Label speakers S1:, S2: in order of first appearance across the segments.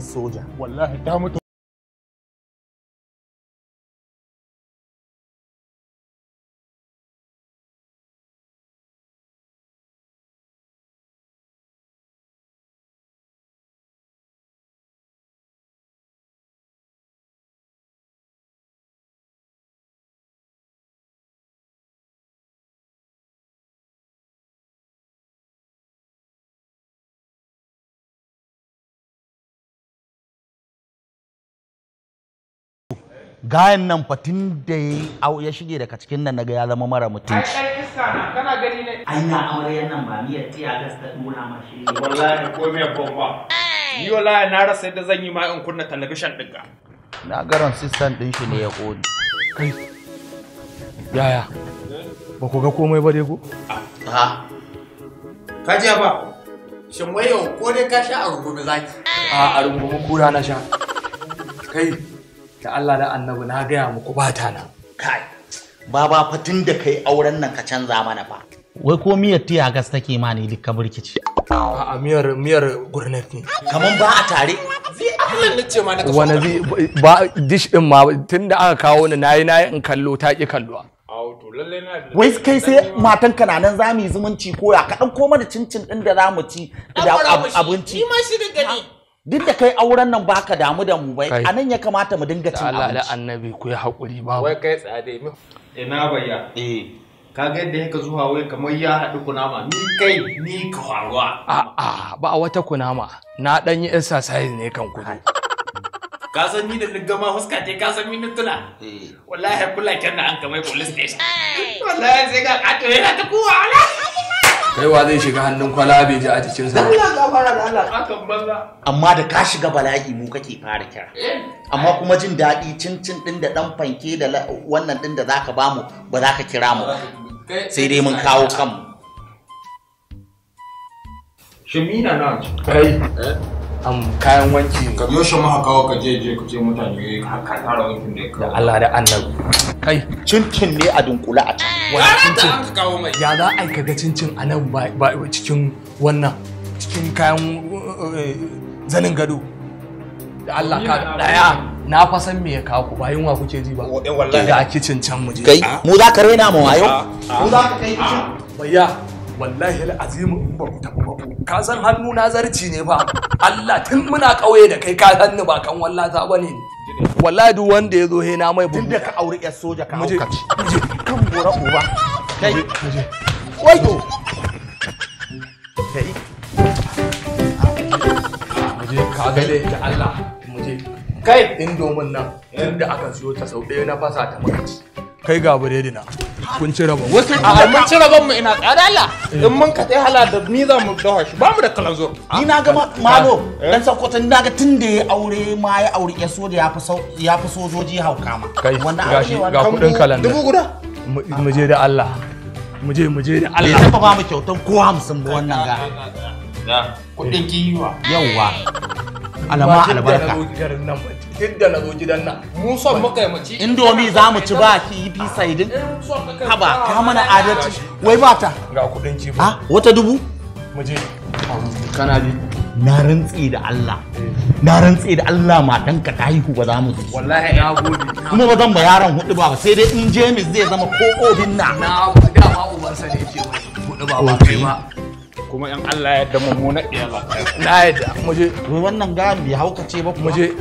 S1: soja wallahi ta mutu gayan nan fatin da ya shige daga cikin nan naga ya zama mara mutunci ai iska na kana gani ne ai na aure nan ba miyar tiya gas ta dora mashi wallahi ko me bomba ni wallahi na rasa yadda zan yi ma in kunna talabishin dinka na garan sistan din shi ne ya kodi
S2: kai yaya ba ku ga komai ba dai ko a
S1: ah, ka ji ba shin wai yau ko dai ka sha a rungume zaki a a rungume kura na sha kai da Allah da annabi na gaya muku ba ta nan kai baba fa tun da kai auren nan ka canza mana fa wai ko miyar tiya gas take ma ne duk burkici a miyar miyar gurnet ne kaman ba a tare
S3: wani
S1: ba dish din ma tun da aka kawo ni nayi nayi in kallo ta ki kalluwa wai kai sai matan ka nan za mu yi zumunci koya ka ɗan koma da cincin ɗin da za mu ci da abinci. Ni ma shi da gani. duk da kai auren nan baka damu da mu bai a nan ya kamata mu dinga cin abinci Allah
S2: annabi ku yi hakuri ba wai
S1: kai tsade mi ina bayya eh ga yadda yake zuwa wai kamar ya haɗu kunama ni kai ni ka faruwa
S2: a'a ba a wata kunama na dan yi exercise ne kan kudu
S1: ka san ni da ma huska te ka san minutuna eh. wallahi kula kenan an kamai police station wallahi sai ga to yana ta kuwa wallahi kaiwa zai shiga hannun kwala bai ji a cikin sa amma da ka shiga bala'i mu kake fara kira amma kuma jin daɗi cincin din da dan fanke da wannan din da zaka bamu ba zaka kira mu sai dai mun kawo mu shimina na kai eh? am kayan wanki ka biyo shi ma kawo ka je je ku ce mutane eh, ka tara wankin da ka Allah da annabi kai cincin ne a dunkula a can wani cincin
S2: ya za a kaga cincin a nan ba cikin wannan cikin kayan eh, eh, zanin gado da Allah ka daya na fa san me ya kawo ku ba yunwa kuke ji ba eh, ga kicin can mu je kai mu za ka raina mu wayo ah, ah. mu za ka kai kicin bayya wallahi al'azim in ba ku tafi ba ku ka san hannu na zarci ne ba Allah tun muna kauye da kai ka san ni ba kan wallata bane ne wallahi duk wanda ya zo he na mai inda ka aure
S1: yar soja ka hauka ci kan gora uba kai wayo kai muje ka
S2: ga dai da Allah muje kai indomin nan inda aka siyo ta sau ɗaya na fasa ta makaci
S1: kai ga buredi na
S2: kun ci ba wasu a mun cire ba mu ina tsada eh.
S1: in mun ka tsaye hala da ni za mu dawo shi ba mu da kalanzor ni na ga malo eh. dan ta ni na ga tun da ya aure ma ya aure ya so da ya fi sojoji hauka ma kai gashi ga kudin kalan dubu guda mu je da Allah mu je mu je da Allah ba ba mu kyautan ko 50 ba wannan ga kudin kiwa yawwa alama albarka hidda na zo gidan nan mu son muka yi indomi za mu ci ba kifi saidin eh, haba ka mana adalci wai mata ga kudin kifi ha ah, wata dubu mu je kana ji na rantsi da Allah eh. na rantsi da Allah matanka ta haihu ba za mu zo wallahi na gode kuma ba zan ba yaron hudu ba sai dai in James zai zama ko obin na na
S2: da ma ubansa ne yake
S1: hudu ba ba kai ma kuma in Allah ya yarda mu na iyala na yarda muje wai wannan gani bai haukace ba muje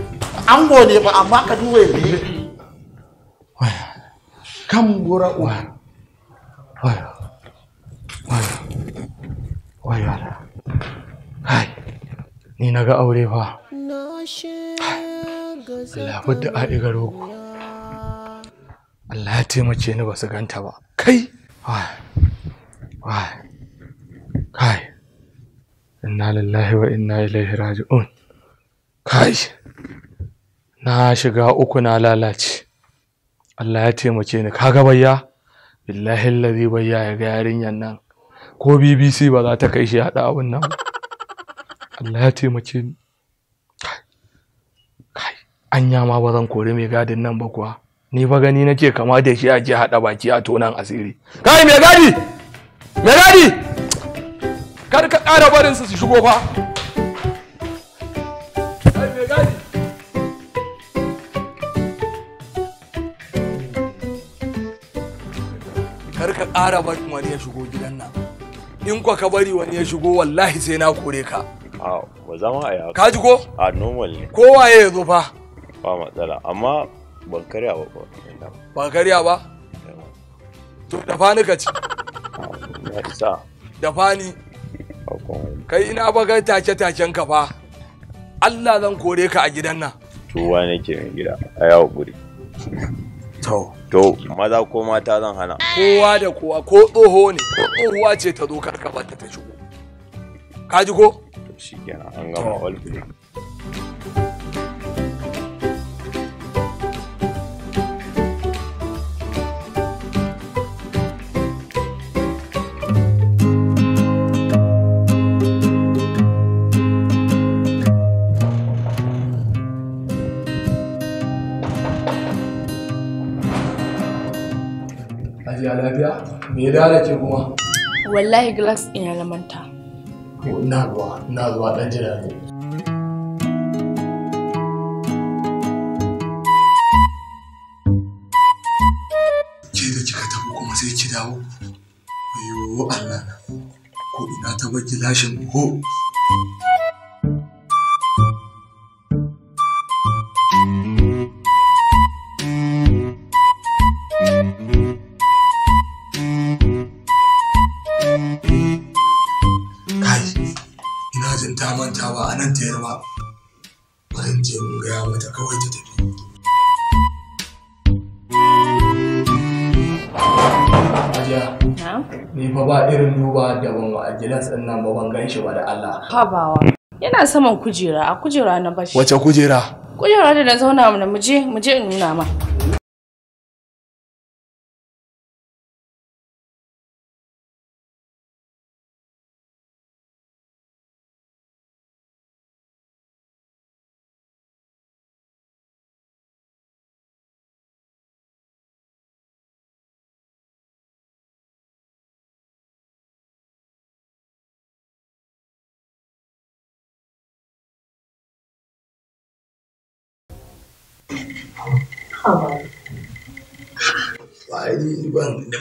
S1: an gode ba amma ka duba yanzu kan gura uwa
S2: waya waya waya ni na ga aure fa
S3: labar da a'i
S2: garo ku Allah ya taimace ni ba su ganta ba kai kai inna lillahi wa inna ilaihi raji'un kai na shiga uku na lalace Allah ya taimake ni kaga bayya billahi allazi bayya ya ga yarinyan nan ko BBC ba za ta kai shi hada abun nan Allah ya taimake ni kai anya ma ba zan kore mai gadin nan ba kuwa ni ba gani nake kama da shi a je hada baki a tonan asiri kai mai gadi mai gadi kar ka ƙara barinsu su shigo fa kai mai gadi ƙara barin wani ya shigo gidan nan in kwa ka bari wani ya shigo wallahi sai na kore ka
S3: a ba zama a yaka ka ji ko a normal ne
S2: kowa ya zo fa
S3: ba matsala amma ban karya ba ba
S2: ban karya ba to da fani ka ci na isa da fani kai ina baka take taken ka fa Allah zan kore ka a gidan nan
S3: to wa nake mai gida a yawo guri to To, maza ko mata zan hana.
S2: Kowa da kowa ko tsoho ne, ko tsohuwa ce ta zo karka bata ta shigo. Ka ji ko? Shi kenan an gama all Hajiya lafiya? Me ya dara ke kuma?
S1: Wallahi glass ina lamanta.
S2: Ina zuwa, ina zuwa dan jira ne.
S3: Ke da kika tafi kuma sai ki dawo. Ayo Allah na.
S2: Ko ina ta bar gilashin ko kai ina jin ta manta ba a nan ta yarba bari je mun gaya mata kawai ta tafi Hajiya, ni fa ba irin duba da ban wa gilas ɗin nan ba ban gan ba da Allah.
S3: Habawa, yana saman kujera, a kujera na bashi.
S2: Wace kujera?
S3: Kujera da na zauna mu je, mu je in nuna ma.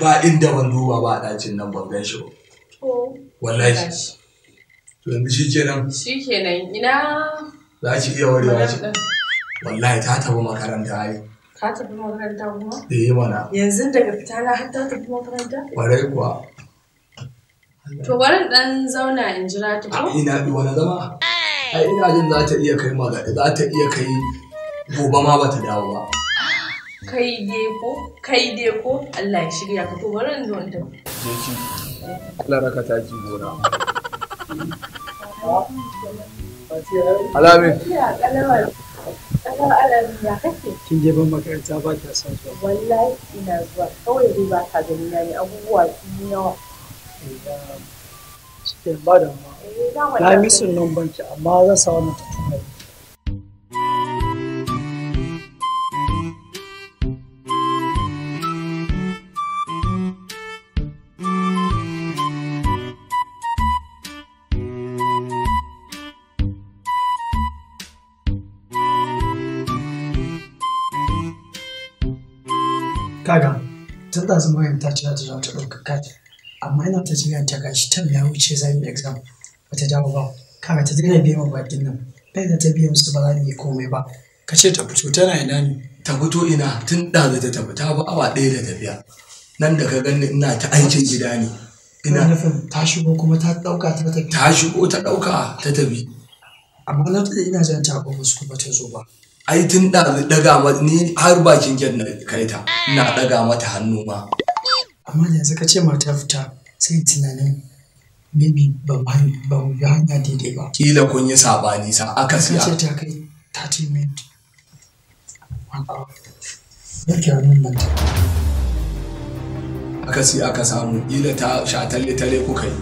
S2: ba inda ban duba ba a ɗacin nan ban gan shi ba. Wallahi. To yanzu shi kenan.
S3: Shi kenan ina. Za ki iya warewa ce.
S2: Wallahi ta tafi makaranta ai.
S3: Ka tafi makaranta kuma? Da eh mana. Yanzu daga fita na har ta tafi makaranta? Kwarai
S2: kuwa. To
S3: bari dan zauna in jira ta ko? Ina
S2: wani zama. Ai ina jin za ta iya kai magana za ta iya kai gobe ma bata dawo ba
S3: kai dai ko kai dai ko Allah ya shirya ka to bari in wanda.
S2: in je ki Allah raka ta ji
S3: gona Alami. Kin je ban makaranta ba ta san zuwa. Wallahi ina zuwa kawai dai ba ta gani na ne abubuwa sun yawa. Cikin ba da ma. Eh, na misin nan banki amma zan sa wani ta tun da zama ta ce za ta ɗauka kati amma ina ta jiran ta gashi tam ya wuce za mu exam ba ta dawo ba kawai ta daina biyan bakin nan bai da ta biya musu ba za mu yi komai ba
S2: ka ce ta fito tana ina ne ta fito ina tun da za ta tafi ta ba awa ɗaya da tafiya nan da ka gani ina ta aikin gida ne ina nufin ta shigo kuma ta ɗauka ta tafi ta shigo ta ɗauka ta tafi amma na ina jan ta ba musu kuma ta zo ba ai tun da daga mata ni har bakin gate na kai ta ina daga mata hannu ma
S3: amma yanzu ka ce mata fita sai tunanin maybe ba ba ba hanya daidai ba kila kun yi
S2: sabani sa aka siya ka ce ta
S3: kai 30 minutes yake hannun nan ta
S2: aka si aka samu kila ta sha talle talle kuka yi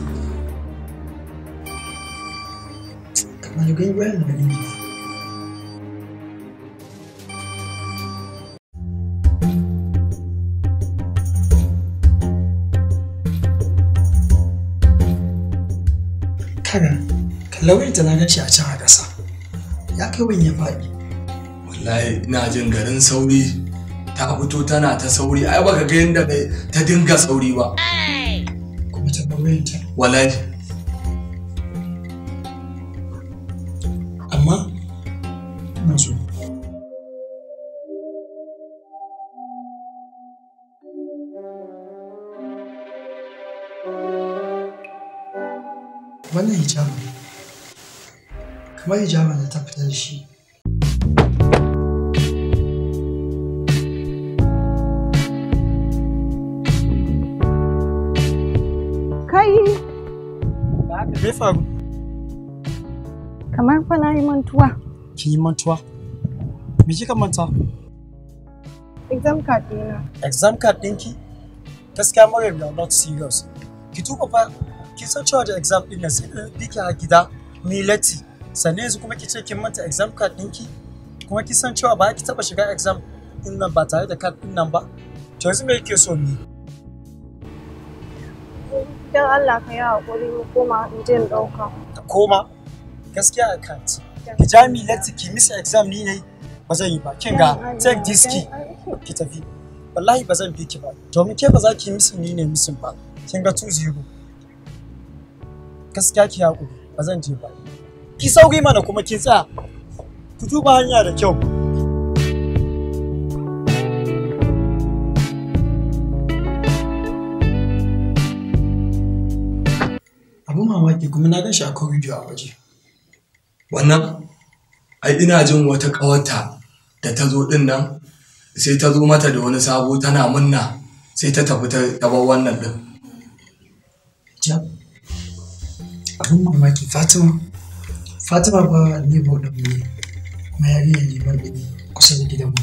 S3: kamar gaiwa bayan da ne lauyanta na gashi a can a ƙasa ya kai wani ya faɗi
S2: wallahi ina jin garin sauri ta fito tana ta sauri ai baka ga yadda ta dinga sauri ba kuma ta lauyanta wallahi
S3: amma ina so wannan hijabin kamar hijabin da ta fitar shi kai me faru kamar fa na yi mantuwa ki yi mantuwa me kika manta exam card ɗina exam card ɗinki gaskiya Maryam you are not serious ki tuba fa kin san cewa da exam ɗin nan sai ɗin ki a gida milati sannan yanzu kuma kice kin manta exam card ɗinki kuma kin san cewa ba ki taɓa shiga exam ɗin nan ba tare da card ɗin nan ba to yanzu me kike so ni dan Allah ka yi hakuri mu koma in je in ɗauka koma gaskiya a card ki ja mi lati ki miss exam ni ne ba zan yi ba kin ga check this ki ki tafi wallahi ba zan bi ki ba domin ke ba za ki miss ni ne miss ba kin ga 2 0 gaskiya ki hakuri ba zan je ba ki sauri mana kuma kin tsaya ku duba hanya da kyau abu mamaki kuma na gan shi akwai video a waje
S2: wannan ai ina jin wata ƙawanta da ta zo ɗin nan sai ta zo mata da wani sabo tana munna sai ta tafi ta gaban wannan ɗin.
S3: abin mamaki fatima fatima ba ni bauɗan ne kuma yariyar da ni kusa da gidanmu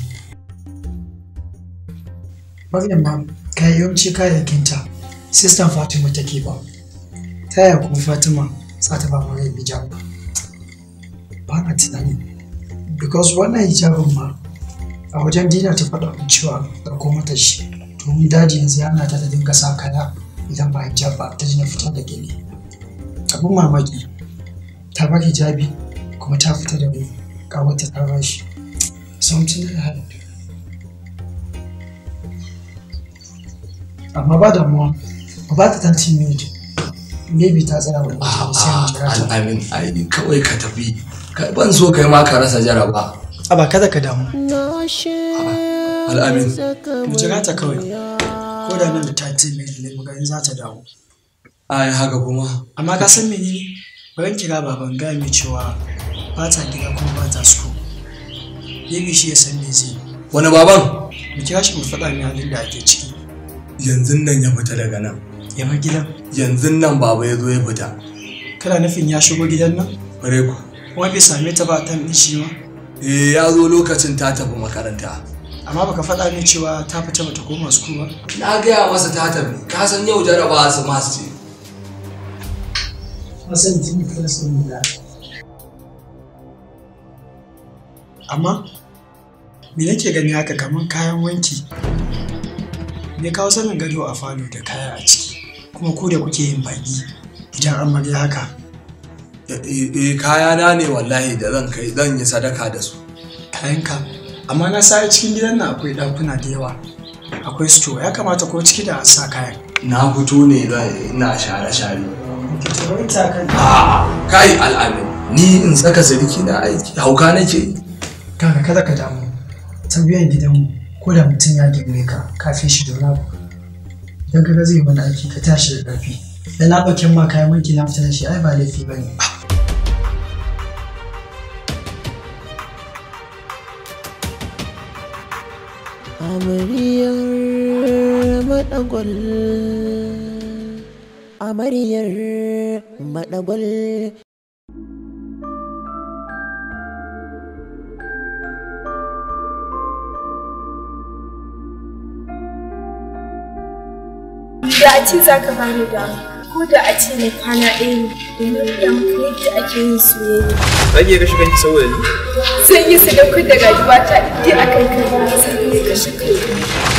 S3: maryam ma kayan yawanci kayayyakinta sistan fatima take ba ta yaya kuma fatima za ta ba maryam hijab ba na tunanin because wannan hijabin ma a wajen dina ta faɗa cewa ɗauko mata shi domin daji yanzu yana ta da dinga sa kaya idan ba hijab ba ta jina fitar da gini abin mamaki ta bar hijabi kuma ta fita da mu ga wata ta bashi something that happened amma ba mu ba ba ta tantin minute maybe ta tsaya wani
S2: al'amin ainihin kawai ka tafi ban so kai ma ka rasa jaraba a ba kada ka damu
S3: al'amin mu jira ta kawai ko da nan da ta ce ne mu ga in za ta dawo
S2: ai haka kuma
S3: amma ka san menene bayan kira baban gaya mai cewa ba ta gida kuma ba ta suko yabi shi ya san me zai wani baban mu kira shi mu faɗa mai halin da
S2: ake ciki yanzu nan ya fita daga nan ya bar gidan yanzu nan baba ya zo ya fita kana nufin ya shigo gidan nan bare ku kuma bai same ta ba tan shi ma eh ya zo lokacin ta tafi makaranta amma baka faɗa mai cewa ta fita bata koma
S3: su ba na gaya masa ta tafi
S2: ka san yau jaraba su masu ce
S3: Amma, me nake gani haka kamar kayan wanki? Me kawo sanin gado a falo da kaya a ciki, kuma ku da kuke yin baki idan an bari haka.
S2: Eh, eh kaya na ne wallahi da zan kai zan yi sadaka
S3: da su. Kayanka, amma na sa cikin gidan nan akwai ɗakuna da yawa. Akwai suto. ya kamata ko ciki da sa kayan.
S2: Na fito ne ina share-share. kai al'amin ni in saka sarki na aiki hauka nake
S3: kaga kada ka damu tabiyan gidanmu ko da mutum ya girme ka kafin shi da abu idan kaga zai mana aiki ka tashi da ƙarfi da na ɗauke ma kayan wanki na fita da shi ai ba laifi ba ne amaryar amaryar maɗagwal da a ce za ka bani da ko da a ce mai kwana ɗaya ne domin da muka yadda ake yin soyayya. Za ki kashe kanki saboda ni? Zan yi sadaukar da ta idan akan kai ba zan iya kashe kanki.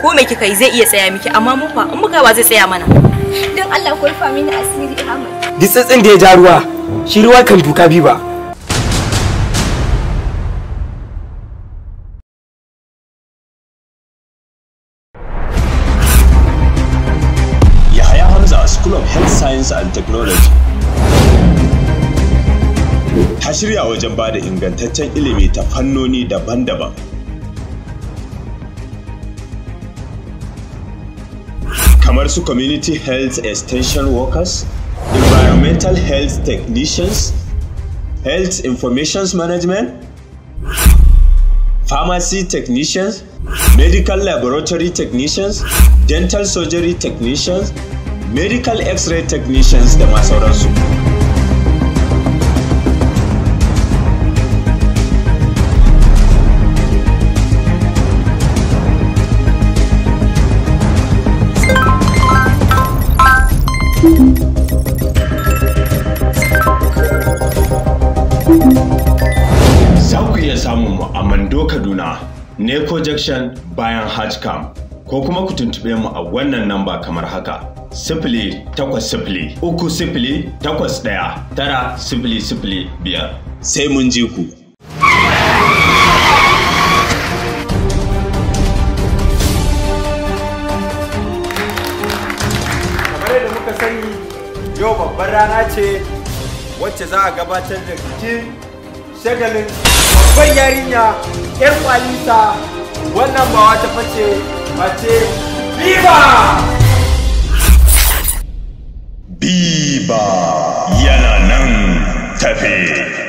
S1: ko me kika yi zai iya tsaya miki amma mu fa in muka ba zai tsaya mana dan Allah ko rufa mini asiri Ahmad
S2: ditsitsin da ya ja ruwa shi ruwa kan duka bi ba
S3: Yahaya Hamza and Technology Ta shirya wajen ba da ingantaccen ilimi ta fannoni daban-daban kamar su community health extension workers environmental health technicians health information management pharmacy technicians medical laboratory technicians dental surgery technicians medical x-ray technicians da ma sauransu. Neko Junction bayan Hajj Camp ko kuma ku tuntube mu a wannan namba kamar haka. Sifili takwas sifili uku sifili takwas ɗaya tara sifili sifili biyar. Sai mun ji ku. Kamar muka sani yau babbar rana ce wacce za a gabatar da bikin shagalin babban yarinya yan kwalita wannan ba wata face mace biba biba yana nan tafe